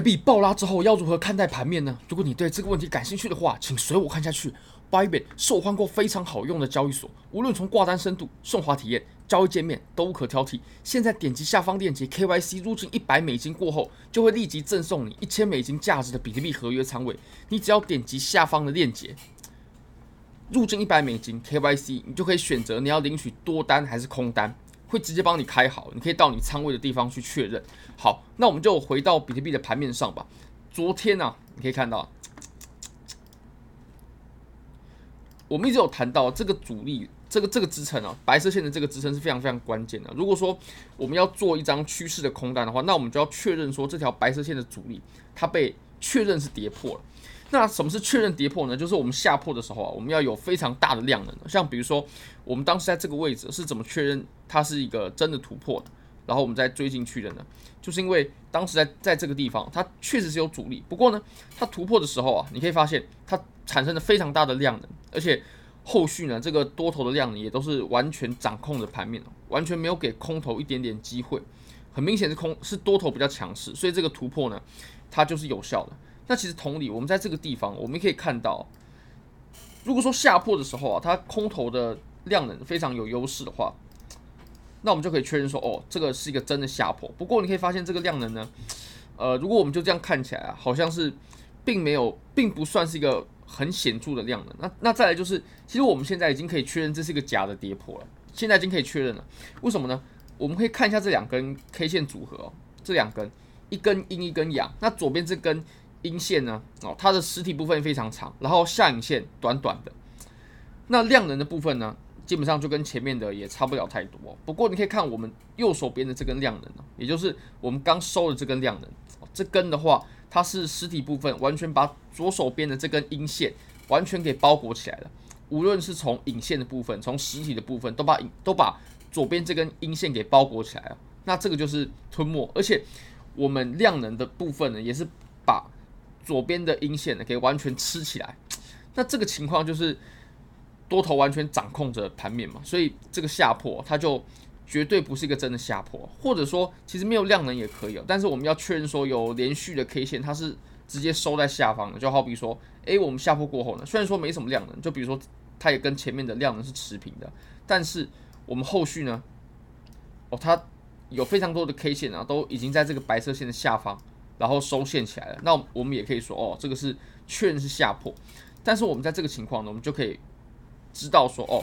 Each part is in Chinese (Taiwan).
比特幣爆拉之後要如何看待盤面呢？如果你對這個問題感興趣的話，請隨我看下去。Bybit 是我換過非常好用的交易所，無論從掛單深度、順滑體驗、交易界面都無可挑剔。現在點擊下方鏈接，KYC 入金一百美金過後，就會立即贈送你一千美金價值的比特幣合約倉位。你只要點擊下方的鏈接，入金一百美金 KYC，你就可以選擇你要領取多單還是空單。會直接幫你開好，你可以到你倉位的地方去確認。好，那我們就回到比特幣的盤面上吧。昨天呢、啊，你可以看到，我們一直有談到這個阻力，這個這個支撐啊，白色線的這個支撐是非常非常關鍵的。如果說我們要做一張趨勢的空單的話，那我們就要確認說這條白色線的阻力它被確認是跌破了。那什麼是確認跌破呢？就是我們下破的時候啊，我們要有非常大的量能。像比如說，我們當時在這個位置是怎麼確認它是一個真的突破的，然後我們再追進去的呢？就是因為當時在在這個地方，它確實是有阻力。不過呢，它突破的時候啊，你可以發現它產生了非常大的量能，而且後續呢，這個多頭的量呢，也都是完全掌控着盤面，完全沒有給空頭一點點機會。很明顯是空是多頭比較強勢，所以這個突破呢，它就是有效的。那其實同理，我們在這個地方，我們可以看到，如果說下破的時候啊，它空頭的量能非常有優勢的話，那我們就可以確認說，哦，這個是一個真的下破。不過你可以發現，這個量能呢，呃，如果我們就這樣看起來啊，好像是並沒有，並不算是一個很顯著的量能。那那再來就是，其實我們現在已經可以確認，這是一個假的跌破了。現在已經可以確認了，為什麼呢？我們可以看一下這兩根 K 線組合哦，這兩根，一根陰，一根陽。那左邊這根。陰線呢，哦，它的實體部分非常長，然後下影線短短的。那量能的部分呢，基本上就跟前面的也差不了太多，哦。不過你可以看我們右手邊的這根量能，哦，也就是我們剛收的這根量能，哦，這根的話，它是實體部分完全把左手邊的這根陰線完全給包裹起來了。無論是從影線的部分，從實體的部分，都把影都把左邊這根陰線給包裹起來了。那這個就是吞沒，而且我們量能的部分呢，也是把。左邊的陰線呢，可以完全吃起來，那這個情況就是多頭完全掌控着盤面嘛，所以這個下破它就絕對不是一個真的下破，或者說其實沒有量能也可以，但是我們要確認說有連續的 K 線，它是直接收在下方的，就好比說，哎、欸，我們下破過後呢，雖然說沒什麼量能，就比如說它也跟前面的量能是持平的，但是我們後續呢，哦，它有非常多的 K 線啊，都已經在這個白色線的下方。然後收線起來了，那我們也可以說，哦，這個是確認是下破。但是我們在這個情況呢，我們就可以知道說，哦，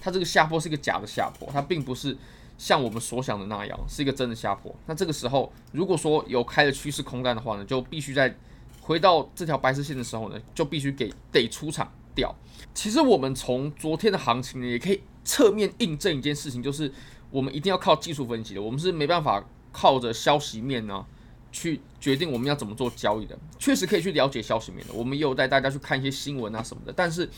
它這個下破是一個假的下破，它並不是像我們所想的那樣是一個真的下破。那這個時候，如果說有開的趨勢空單的話呢，就必須在回到這條白色線的時候呢，就必須給得出場掉。其實我們從昨天的行情呢，也可以側面印證一件事情，就是我們一定要靠技術分析的，我們是沒辦法靠着消息面呢、啊。去決定我們要怎麼做交易的，確實可以去了解消息面的，我們也有帶大家去看一些新聞啊什麼的。但是，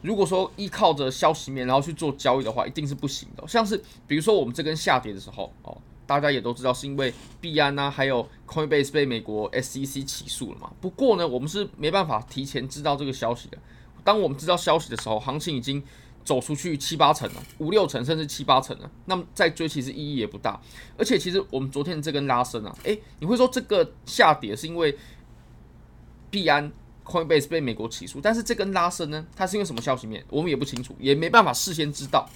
如果說依靠着消息面然後去做交易的話，一定是不行的。像是比如說我們這根下跌的時候，哦，大家也都知道是因為幣安吶，還有 Coinbase 被美國 SEC 起訴了嘛。不過呢，我們是沒辦法提前知道這個消息的。當我們知道消息的時候，行情已經。走出去七八成了、啊，五六成甚至七八成了、啊，那麼再追其實意義也不大。而且其實我們昨天這根拉伸啊，誒、欸，你會說這個下跌是因為幣安 Coinbase 被美國起訴，但是這根拉伸呢，它是因為什麼消息面，我們也不清楚，也沒辦法事先知道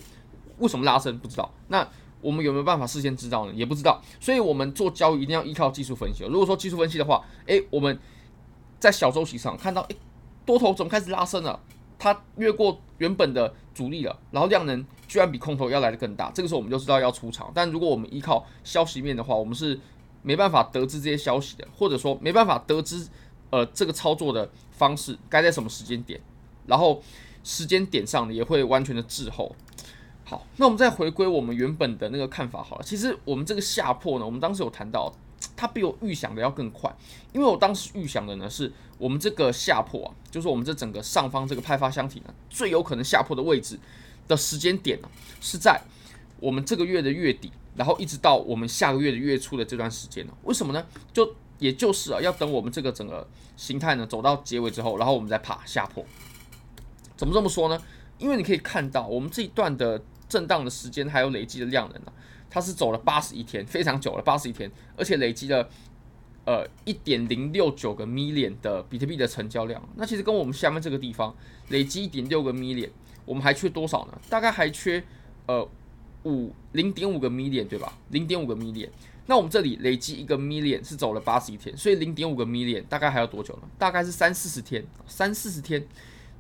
為什麼拉伸，不知道。那我們有沒有辦法事先知道呢？也不知道。所以我們做交易一定要依靠技術分析、哦。如果說技術分析的話，誒、欸，我們在小周期上看到，誒、欸，多頭怎麼開始拉伸了。它越過原本的阻力了，然後量能居然比空頭要來得更大，這個時候我們就知道要出場。但如果我們依靠消息面的話，我們是沒辦法得知這些消息的，或者說沒辦法得知呃這個操作的方式該在什麼時間點，然後時間點上呢也會完全的滯後。好，那我們再回歸我們原本的那個看法好了。其實我們這個下破呢，我們當時有談到，它比我預想的要更快，因為我當時預想的呢，是我們這個下破啊，就是我們這整個上方這個派發箱體呢，最有可能下破的位置的時間點呢啊，是在我們這個月的月底，然後一直到我們下個月的月初的這段時間呢。為什麼呢？就也就是啊，要等我們這個整個形態呢走到結尾之後，然後我們再怕下破。怎麼這麼說呢？因為你可以看到我們這一段的震盪的時間還有累積的量能，呢啊。它是走了八十一天，非常久了，八十一天，而且累積了呃一點零六九個 million 的比特幣的成交量。那其實跟我們下面這個地方累積一點六個 million，我們還缺多少呢？大概還缺呃五零點五個 million 對吧？零點五個 million。那我們這裡累積一個 million 是走了八十一天，所以零點五個 million 大概還要多久呢？大概是三四十天，三四十天。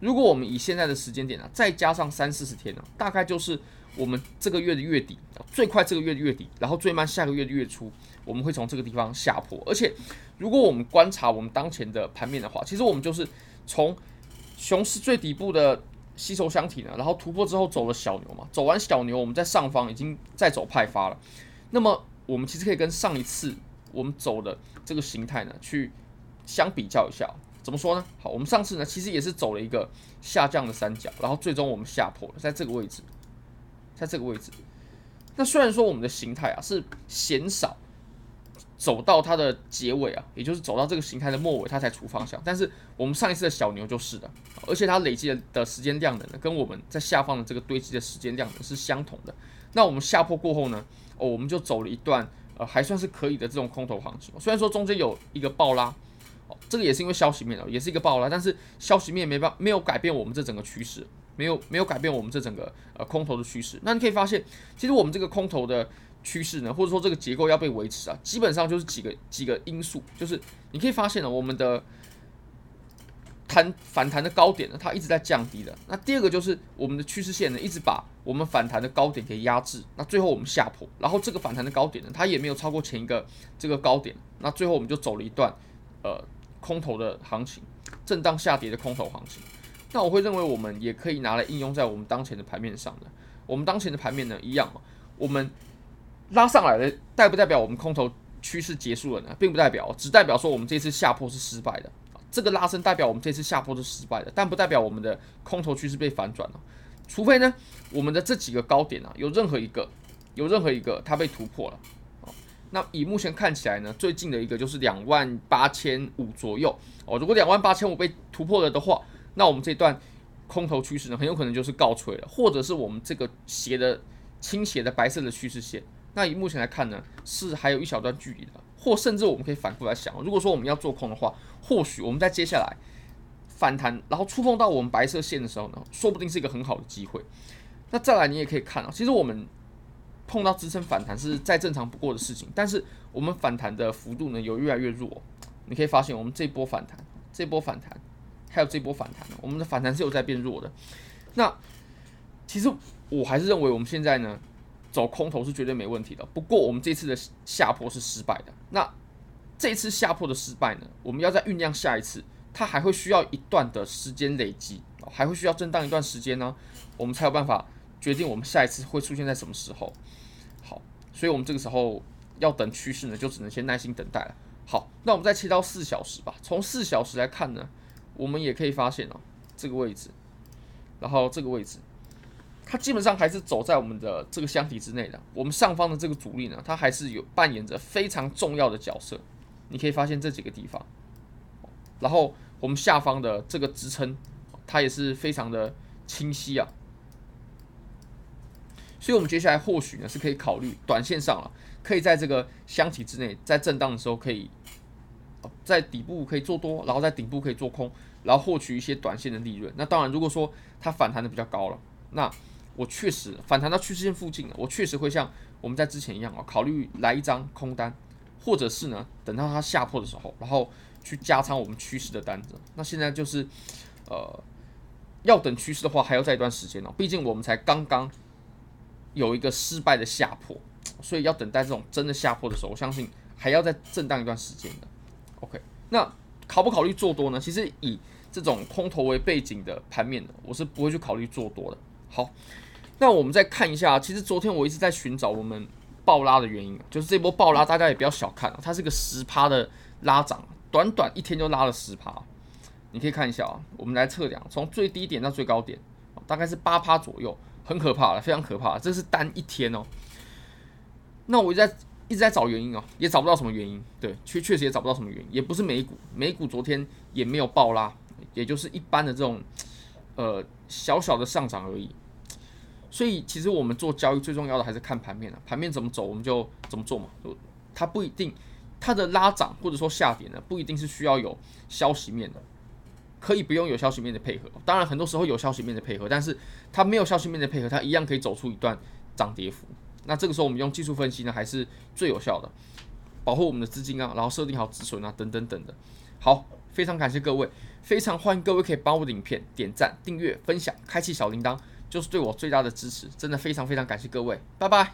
如果我們以現在的時間點呢、啊，再加上三四十天呢、啊，大概就是。我們這個月的月底最快，這個月的月底，然後最慢下個月的月初，我們會從這個地方下破。而且，如果我們觀察我們當前的盤面的話，其實我們就是從熊市最底部的吸收箱體呢，然後突破之後走了小牛嘛，走完小牛，我們在上方已經再走派發了。那麼，我們其實可以跟上一次我們走的這個形態呢去相比較一下，怎麼說呢？好，我們上次呢其實也是走了一個下降的三角，然後最終我們下破了，在這個位置。在這個位置，那雖然說我們的形態啊是嫌少，走到它的結尾啊，也就是走到這個形態的末尾，它才出方向。但是我們上一次的小牛就是的，而且它累積的的時間量能呢跟我們在下方的這個堆積的時間量呢是相同的。那我們下破過後呢，哦，我們就走了一段呃還算是可以的這種空頭行情。雖然說中間有一個爆拉，哦，這個也是因為消息面的，哦，也是一個爆拉，但是消息面沒辦沒有改變我們這整個趨勢。沒有沒有改變我們這整個呃空頭的趨勢。那你可以發現，其實我們這個空頭的趨勢呢，或者說這個結構要被維持啊，基本上就是幾個幾個因素，就是你可以發現呢，我們的彈反彈的高點呢，它一直在降低的。那第二個就是我們的趨勢線呢，一直把我們反彈的高點給壓制。那最後我們下破，然後這個反彈的高點呢，它也沒有超過前一個這個高點。那最後我們就走了一段呃空頭的行情，震盪下跌的空頭行情。那我會認為，我們也可以拿來應用在我們當前的盤面上的。我們當前的盤面呢，一樣我們拉上來的代不代表我們空頭趨勢結束了呢？並不代表，只代表說我們這次下坡是失敗的。這個拉升代表我們這次下坡是失敗的，但不代表我們的空頭趨勢被反轉了。除非呢，我們的這幾個高點啊，有任何一個有任何一個它被突破了。那以目前看起來呢，最近的一個就是兩萬八千五左右哦。如果兩萬八千五被突破了的話，那我們這段空頭趨勢呢，很有可能就是告吹了，或者是我們這個斜的傾斜的白色的趨勢線。那以目前來看呢，是還有一小段距離的，或甚至我們可以反過來想、哦，如果說我們要做空的話，或許我們在接下來反彈，然後觸碰到我們白色線的時候呢，說不定是一個很好的機會。那再來你也可以看啊、哦，其實我們碰到支撐反彈是再正常不過的事情，但是我們反彈的幅度呢，有越來越弱。你可以發現我們這波反彈，這波反彈。還有這波反彈，我們的反彈是有在變弱的。那其實我還是認為我們現在呢，走空頭是絕對沒問題的。不過我們這次的下破是失敗的。那這一次下破的失敗呢，我們要再醞釀下一次，它還會需要一段的時間累積，還會需要震盪一段時間呢、啊，我們才有辦法決定我們下一次會出現在什麼時候。好，所以我們這個時候要等趨勢呢，就只能先耐心等待了。好，那我們再切到四小時吧。從四小時來看呢。我們也可以發現哦、啊，這個位置，然後這個位置，它基本上還是走在我們的這個箱體之內的。我們上方的這個阻力呢，它還是有扮演着非常重要的角色。你可以發現這幾個地方，然後我們下方的這個支撐，它也是非常的清晰啊。所以，我們接下來或許呢是可以考慮短線上了、啊，可以在這個箱體之內，在震盪的時候可以。在底部可以做多，然後在頂部可以做空，然後獲取一些短線的利潤。那當然，如果說它反彈的比較高了，那我確實反彈到趨勢線附近了，我確實會像我們在之前一樣啊、哦，考慮來一張空單，或者是呢，等到它下破的時候，然後去加倉我們趨勢的單子。那現在就是呃，要等趨勢的話，還要再一段時間了、哦。畢竟我們才剛剛有一個失敗的下破，所以要等待這種真的下破的時候，我相信還要再震盪一段時間的。OK，那考不考慮做多呢？其實以這種空頭為背景的盤面的，我是不會去考慮做多的。好，那我們再看一下，其實昨天我一直在尋找我們爆拉的原因，就是這波爆拉大家也不要小看啊，它是個十趴的拉漲，短短一天就拉了十趴。你可以看一下啊，我們來測量從最低點到最高點，大概是八趴左右，很可怕了，非常可怕，這是單一天哦。那我在。一直在找原因啊、哦，也找不到什麼原因。對，確確實也找不到什麼原因，也不是美股，美股昨天也沒有爆拉，也就是一般的這種呃小小的上漲而已。所以其實我們做交易最重要的還是看盤面了，啊，盤面怎麼走我們就怎麼做嘛。就它不一定它的拉漲或者說下跌呢，不一定是需要有消息面的，可以不用有消息面的配合。當然很多時候有消息面的配合，但是它沒有消息面的配合，它一樣可以走出一段漲跌幅。那這個時候我們用技術分析呢，還是最有效的，保護我們的資金啊，然後設定好止損啊，等等等等的。好，非常感謝各位，非常歡迎各位可以幫我的影片點讚、訂閱、分享、開啟小鈴鐺，就是對我最大的支持。真的非常非常感謝各位，拜拜。